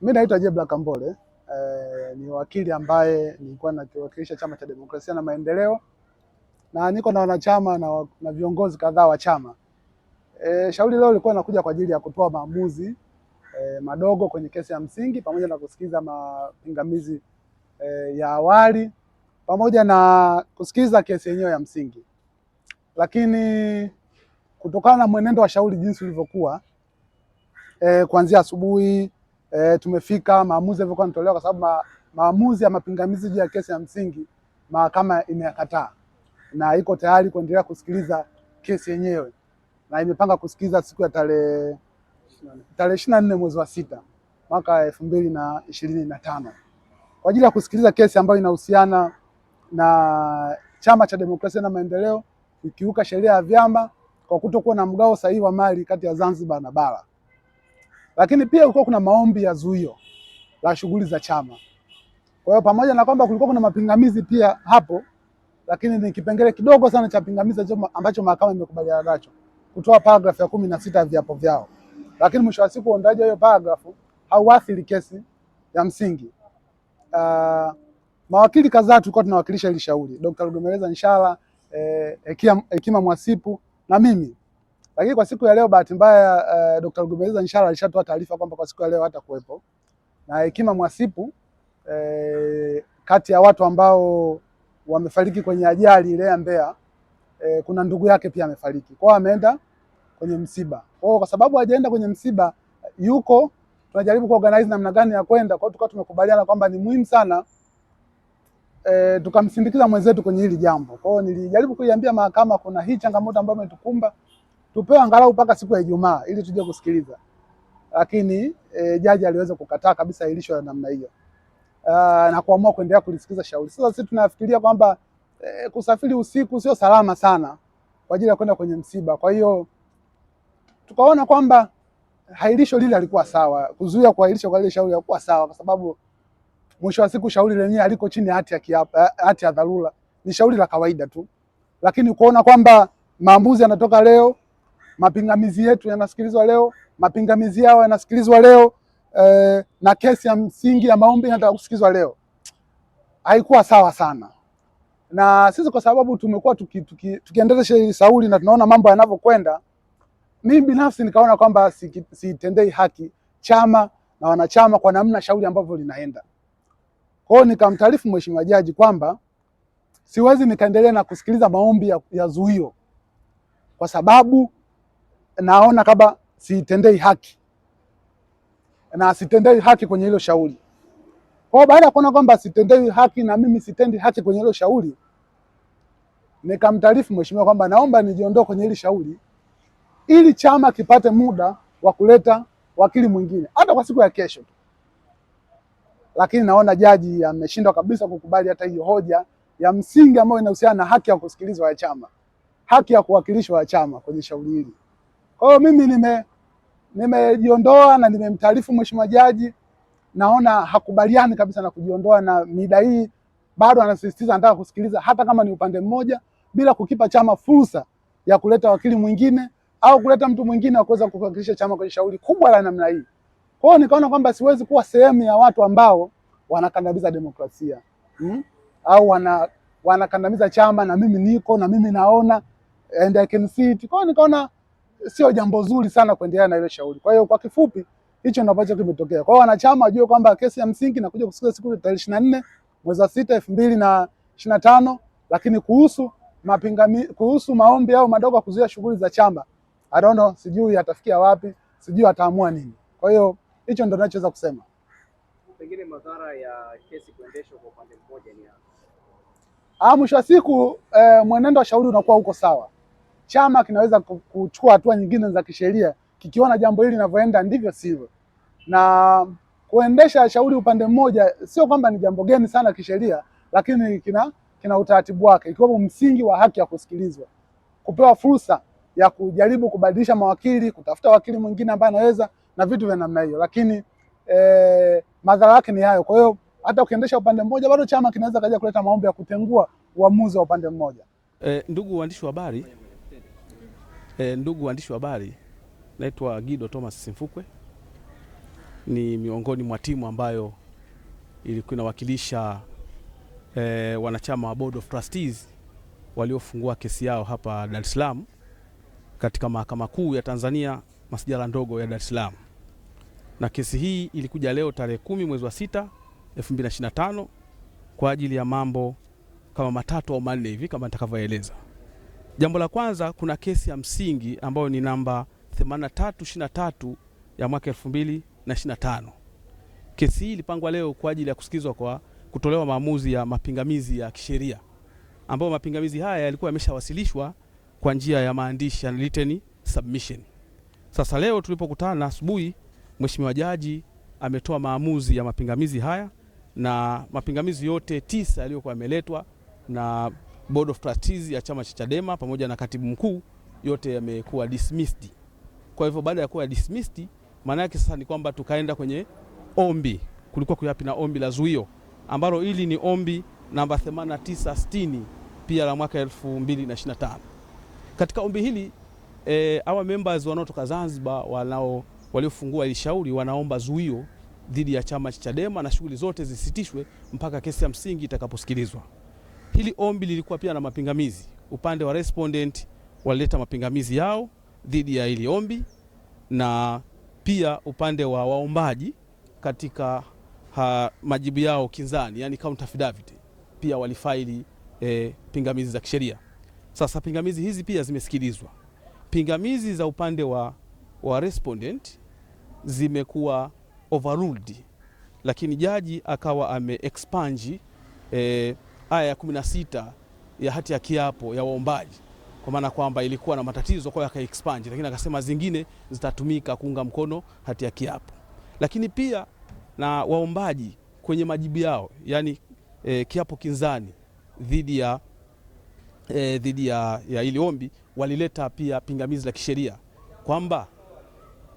Mimi naitwa Jebla Kambole eh, ni wakili ambaye nilikuwa nakiwakilisha Chama cha Demokrasia na Maendeleo na niko na wanachama na, na viongozi kadhaa wa chama eh, shauri leo lilikuwa nakuja kwa ajili ya kutoa maamuzi eh, madogo kwenye kesi ya msingi pamoja na kusikiza mapingamizi eh, ya awali pamoja na kusikiza kesi yenyewe ya msingi, lakini kutokana na mwenendo wa shauri jinsi ulivyokuwa eh, kuanzia asubuhi e, tumefika maamuzi yalivyokuwa yanatolewa, kwa sababu ma, maamuzi ya mapingamizi juu ya kesi ya msingi mahakama imeyakataa na iko tayari kuendelea kusikiliza kesi yenyewe na imepanga kusikiliza siku ya tarehe tarehe ishirini na nne mwezi wa sita mwaka elfu mbili na ishirini na tano kwa ajili ya kusikiliza kesi ambayo inahusiana na Chama cha Demokrasia na Maendeleo ikiuka sheria ya vyama kwa kutokuwa na mgao sahihi wa mali kati ya Zanzibar na bara. Lakini pia kulikuwa kuna maombi ya zuio la shughuli za chama. Kwa hiyo pamoja na kwamba kulikuwa kuna mapingamizi pia hapo, lakini ni kipengele kidogo sana cha pingamizi ambacho mahakama imekubaliana nacho kutoa paragrafu ya kumi na sita ya viapo vyao, lakini mwisho wa siku uondaji wa hiyo paragrafu hauathiri kesi ya msingi. Uh, mawakili kadhaa tulikuwa tunawakilisha hili shauri, Dr. Rugemeleza Nshala, eh, Hekima eh, Mwasipu na mimi lakini kwa siku ya leo bahati mbaya uh, eh, Dr. Rugemeleza inshallah alishatoa taarifa kwamba kwa siku ya leo hatakuwepo. Na Hekima Mwasipu eh, kati ya watu ambao wamefariki kwenye ajali ile ya Mbeya eh, kuna ndugu yake pia amefariki. Kwao ameenda kwenye msiba. Kwao kwa sababu hajaenda kwenye msiba yuko tunajaribu kuorganize namna gani ya kwenda. Kwao tukawa tumekubaliana kwamba ni muhimu sana E, tukamsindikiza mwenzetu kwenye hili jambo. Kwa hiyo nilijaribu kuiambia mahakama kuna hii changamoto ambayo imetukumba, tupewe angalau mpaka siku ya Ijumaa ili tuje kusikiliza, lakini e, jaji aliweza kukataa kabisa ilisho la namna hiyo na kuamua kuendelea kulisikiliza shauri. Sasa sisi tunafikiria kwamba e, kusafiri usiku sio salama sana kwa ajili ya kwenda kwenye msiba. Kwa hiyo tukaona kwamba hairisho lile alikuwa sawa, kuzuia kuahirisha kwa ile shauri alikuwa sawa, kwa sababu mwisho wa siku shauri lenyewe aliko chini hati ya kiapa, eh, hati ya dharura, ni shauri la kawaida tu, lakini kuona kwamba maamuzi yanatoka leo Mapingamizi yetu yanasikilizwa leo, mapingamizi yao yanasikilizwa leo eh, na kesi ya msingi ya maombi inataka kusikizwa leo. Haikuwa sawa sana, na sisi kwa sababu tumekuwa tukiendesha tuki, tuki hili sauli na tunaona mambo yanavyokwenda, mimi binafsi nikaona kwamba siitendei si haki chama na wanachama kwa namna shauri ambavyo linaenda. Kwa hiyo nikamtaarifu mheshimiwa jaji kwamba siwezi nikaendelea na kusikiliza maombi ya, ya zuio kwa sababu naona kama siitendei haki na sitendei haki kwenye hilo shauri. Kwa baada ya kuona kwamba sitendei haki na mimi sitendi haki kwenye hilo shauri, nikamtaarifu mheshimiwa kwamba naomba nijiondoe kwenye hili shauri ili chama kipate muda wa kuleta wakili mwingine hata kwa siku ya kesho. tu, Lakini naona jaji ameshindwa kabisa kukubali hata hiyo hoja ya msingi ambayo inahusiana na haki ya kusikilizwa ya chama, haki ya kuwakilishwa ya chama kwenye shauri hili. Kwa hiyo mimi nime nimejiondoa na nimemtaarifu mheshimiwa jaji, naona hakubaliani kabisa na kujiondoa na mida hii. Bado anasisitiza anataka kusikiliza hata kama ni upande mmoja, bila kukipa chama fursa ya kuleta wakili mwingine au kuleta mtu mwingine wa kuweza kuwakilisha chama kwenye shauri kubwa la namna hii. Kwa hiyo nikaona kwamba siwezi kuwa sehemu ya watu ambao wanakandamiza demokrasia hmm? au wana wanakandamiza chama na mimi niko na mimi naona and I can see it. Kwa hiyo nikaona sio jambo zuri sana kuendelea na ile shauri. Kwa hiyo kwa kifupi hicho ndio ambacho kimetokea. Kwa hiyo wanachama wajue kwamba kesi ya msingi inakuja kusikilizwa siku ya tarehe ishirini na nne mwezi wa sita elfu mbili na ishirini na tano lakini kuhusu mapingami, kuhusu maombi au madogo ya kuzuia shughuli za chama I don't know, sijui atafikia wapi, sijui ataamua nini. Kwa hiyo hicho ndio ninachoweza kusema. Pengine madhara ya kesi kuendeshwa kwa upande mmoja ni ah, mwisho wa siku eh, mwenendo wa shauri unakuwa uko sawa chama kinaweza kuchukua hatua nyingine za kisheria kikiona jambo hili linavyoenda ndivyo sivyo. Na kuendesha shauri upande mmoja sio kwamba ni jambo geni sana kisheria, lakini kina kina utaratibu wake, ikiwemo msingi wa haki ya kusikilizwa, kupewa fursa ya kujaribu kubadilisha mawakili, kutafuta wakili mwingine ambaye anaweza na vitu vya namna hiyo, lakini eh, madhara yake ni hayo. Kwa hiyo hata ukiendesha upande mmoja bado chama kinaweza kaja kuleta maombi ya kutengua uamuzi wa upande mmoja. Eh, ndugu waandishi wa habari E, ndugu waandishi wa habari, naitwa Gido Thomas Simfukwe, ni miongoni mwa timu ambayo ilikuwa inawakilisha e, wanachama wa Board of Trustees waliofungua kesi yao hapa Dar es Salaam katika Mahakama Kuu ya Tanzania masijala ndogo ya Dar es Salaam, na kesi hii ilikuja leo tarehe kumi mwezi wa sita 2025 kwa ajili ya mambo kama matatu au manne hivi kama nitakavyoeleza. Jambo la kwanza, kuna kesi ya msingi ambayo ni namba 8323 ya mwaka 2025. Kesi hii ilipangwa leo kwa ajili ya kusikizwa kwa kutolewa maamuzi ya mapingamizi ya kisheria ambayo mapingamizi haya yalikuwa yameshawasilishwa kwa njia ya maandishi ya written submission. Sasa leo tulipokutana asubuhi, Mheshimiwa Jaji ametoa maamuzi ya mapingamizi haya na mapingamizi yote tisa yaliyokuwa yameletwa na board of trustees ya chama cha Chadema pamoja na katibu mkuu yote yamekuwa dismissed. Kwa hivyo baada ya kuwa dismissed, maana yake sasa ni kwamba tukaenda kwenye ombi, kulikuwa kuyapi na ombi la zuio ambalo hili ni ombi namba 8960 pia la mwaka 2025. Katika ombi hili e, eh, our members wanaotoka Zanzibar wanao waliofungua ilishauri shauri wanaomba zuio dhidi ya chama cha Chadema na shughuli zote zisitishwe mpaka kesi ya msingi itakaposikilizwa. Hili ombi lilikuwa pia na mapingamizi. Upande wa respondent walileta mapingamizi yao dhidi ya hili ombi, na pia upande wa waombaji katika ha, majibu yao kinzani, yani counter affidavit, pia walifaili e, pingamizi za kisheria. Sasa pingamizi hizi pia zimesikilizwa. Pingamizi za upande wa, wa respondent zimekuwa overruled, lakini jaji akawa ameexpand e, eh, aya ya 16 ya hati ya kiapo ya waombaji, kwa maana kwamba ilikuwa na matatizo, kwa hiyo akaexpand, lakini akasema zingine zitatumika kuunga mkono hati ya kiapo. Lakini pia na waombaji kwenye majibu yao, yani e, kiapo kinzani dhidi ya e, dhidi ya, ya ili ombi walileta pia pingamizi la kisheria kwamba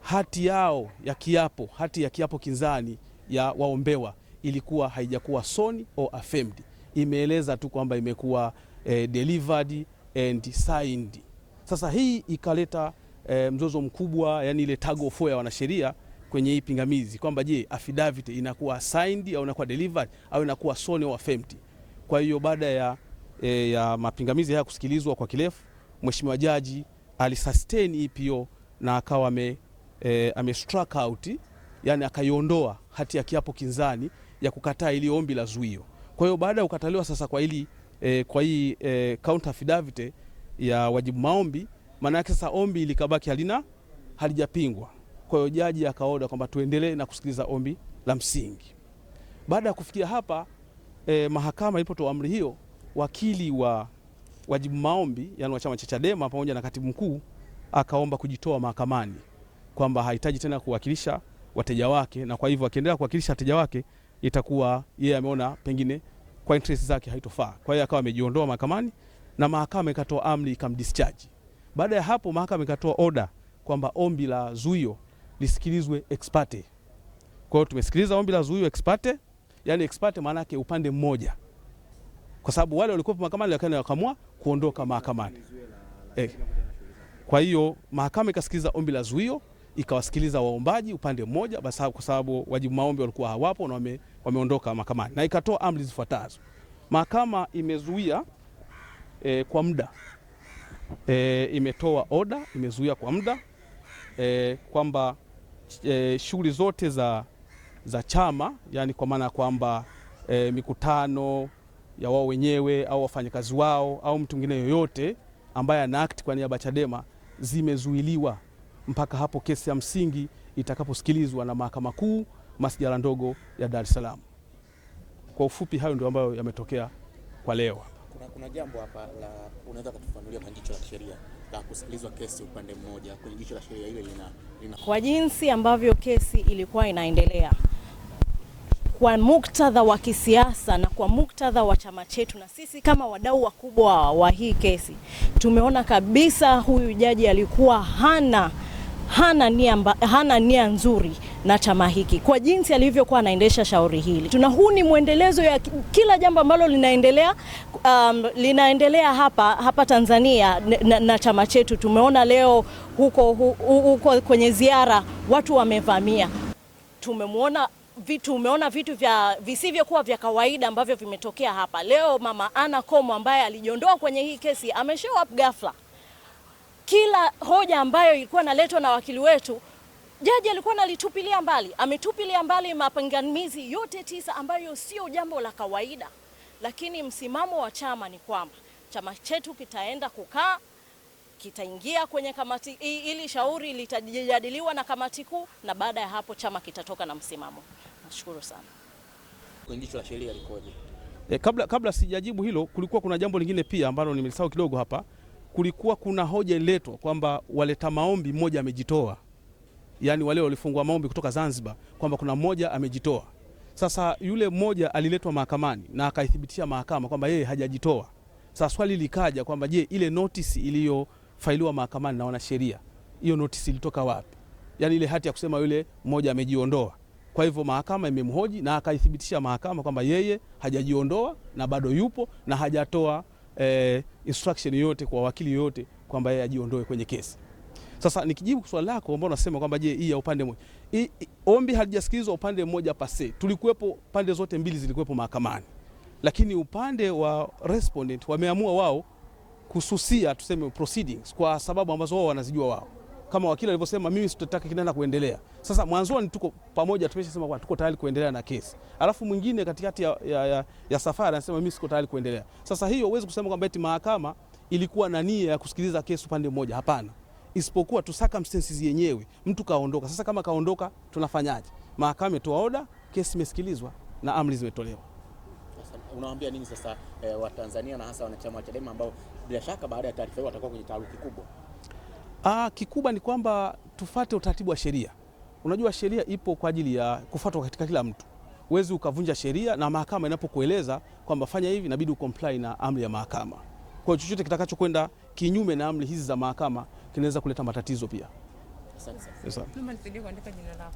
hati yao ya kiapo, hati ya kiapo kinzani ya waombewa ilikuwa haijakuwa soni au affirmed imeeleza tu kwamba imekuwa eh, delivered and signed. Sasa hii ikaleta eh, mzozo mkubwa, yani ile tug of war ya wanasheria kwenye hii pingamizi kwamba je, affidavit inakuwa signed au inakuwa delivered au inakuwa sworn au affirmed. Kwa hiyo baada ya, eh, ya mapingamizi haya kusikilizwa kwa kirefu, mheshimiwa jaji alisustain EPO na akawa ame, eh, ame struck out, yani akaiondoa hati ya kiapo kinzani ya kukataa ili ombi la zuio. Kwa hiyo baada ya kukataliwa sasa kwa hili e, kwa hii e, counter affidavit ya wajibu maombi, maana yake sasa ombi likabaki halina halijapingwa. Kwa hiyo jaji akaoda kwamba tuendelee na kusikiliza ombi la msingi. Baada ya kufikia hapa e, mahakama ilipotoa amri hiyo, wakili wa wajibu maombi yani wa chama cha Chadema pamoja na katibu mkuu akaomba kujitoa mahakamani kwamba hahitaji tena kuwakilisha wateja wake, na kwa hivyo akiendelea kuwakilisha wateja wake itakuwa yeye ameona pengine kwa interest zake haitofaa, kwa hiyo akawa amejiondoa mahakamani na mahakama ikatoa amri ikamdischarge. Baada ya hapo, mahakama ikatoa oda kwamba ombi la zuio lisikilizwe ex parte. Kwa hiyo tumesikiliza ombi la zuio ex parte, yani ex parte maana yake upande mmoja, kwa sababu wale walikuwa mahakamani lakini wakaamua kuondoka mahakamani eh. Kwa hiyo mahakama ikasikiliza ombi la zuio ikawasikiliza waombaji upande mmoja, kwa sababu wajibu maombi walikuwa hawapo na wame, wameondoka mahakamani, na ikatoa amri zifuatazo. Mahakama imezuia e, kwa muda e, imetoa oda, imezuia kwa muda e, kwamba e, shughuli zote za, za chama yani kwa maana ya kwamba e, mikutano ya wao wenyewe au wafanyakazi wao au mtu mwingine yoyote ambaye ana akti kwa niaba ya Chadema zimezuiliwa mpaka hapo kesi ya msingi itakaposikilizwa na Mahakama Kuu masjala ndogo ya Dar es Salaam. Kwa ufupi, hayo ndio ambayo yametokea kwa leo. Kuna, kuna jambo hapa la unaweza kutufanulia kwa jicho la sheria la kusikilizwa kesi upande mmoja kwenye jicho la sheria ile lina, lina... Kwa jinsi ambavyo kesi ilikuwa inaendelea kwa muktadha wa kisiasa na kwa muktadha wa chama chetu, na sisi kama wadau wakubwa wa hii kesi tumeona kabisa huyu jaji alikuwa hana hana nia, mba, hana nia nzuri na chama hiki kwa jinsi alivyokuwa anaendesha shauri hili. Tuna huu ni mwendelezo ya kila jambo ambalo linaendelea, um, linaendelea hapa hapa Tanzania na, na chama chetu. Tumeona leo huko, hu, huko kwenye ziara watu wamevamia, tumemwona vitu umeona vitu vya visivyokuwa vya kawaida ambavyo vimetokea hapa leo. Mama Anna Komo ambaye alijiondoa kwenye hii kesi ameshow up ghafla kila hoja ambayo ilikuwa naletwa na wakili wetu jaji alikuwa nalitupilia mbali, ametupilia mbali mapingamizi yote tisa ambayo sio jambo la kawaida. Lakini msimamo wa chama ni kwamba chama chetu kitaenda kukaa, kitaingia kwenye kamati ili shauri litajadiliwa na kamati kuu, na baada ya hapo chama kitatoka na msimamo. Nashukuru sana. Kwenye jicho la sheria likoje? Eh, kabla, kabla sijajibu hilo, kulikuwa kuna jambo lingine pia ambalo nimelisahau kidogo hapa kulikuwa kuna hoja iletwa kwamba waleta maombi mmoja amejitoa, yani wale walifungua maombi kutoka Zanzibar kwamba kuna mmoja amejitoa. Sasa yule mmoja aliletwa mahakamani na akaithibitisha mahakama kwamba yeye hajajitoa. Sasa swali likaja kwamba je, ile notisi iliyofailiwa mahakamani na wanasheria, hiyo notisi ilitoka wapi? Yani ile hati ya kusema yule mmoja amejiondoa. Kwa hivyo mahakama imemhoji na akaithibitisha mahakama kwamba yeye hajajiondoa na bado yupo na hajatoa eh, instruction yote kwa wakili yote kwamba yeye ajiondoe kwenye kesi. Sasa nikijibu swali lako ambao unasema kwamba je, hii ya upande mmoja. Ombi halijasikilizwa upande mmoja pase. Tulikuwepo pande zote mbili zilikuwepo mahakamani. Lakini upande wa respondent wameamua wao kususia tuseme proceedings kwa sababu ambazo wao wanazijua wao kama wakili alivyosema, mimi sitotaka kinana kuendelea. Sasa mwanzoni tuko pamoja, tumeshasema kwamba tuko tayari kuendelea na kesi, alafu mwingine katikati ya, ya, ya, ya safari anasema mimi siko tayari kuendelea. Sasa hiyo huwezi kusema kwamba eti mahakama ilikuwa na nia ya kusikiliza kesi upande mmoja, hapana, isipokuwa tu circumstances yenyewe, mtu kaondoka. Sasa kama kaondoka, tunafanyaje? Mahakama imetoa oda, kesi imesikilizwa na amri zimetolewa. Unawaambia nini sasa e, eh, Watanzania na hasa wanachama wa Chadema ambao bila shaka baada ya taarifa hiyo watakuwa kwenye taharuki kubwa? Ah, kikubwa ni kwamba tufate utaratibu wa sheria. Unajua sheria ipo kwa ajili ya kufuatwa katika kila mtu. Uwezi ukavunja sheria na mahakama inapokueleza kwamba fanya hivi, inabidi ucomply na amri ya mahakama. Kwa hiyo chochote kitakachokwenda kinyume na amri hizi za mahakama kinaweza kuleta matatizo pia. Asante sana.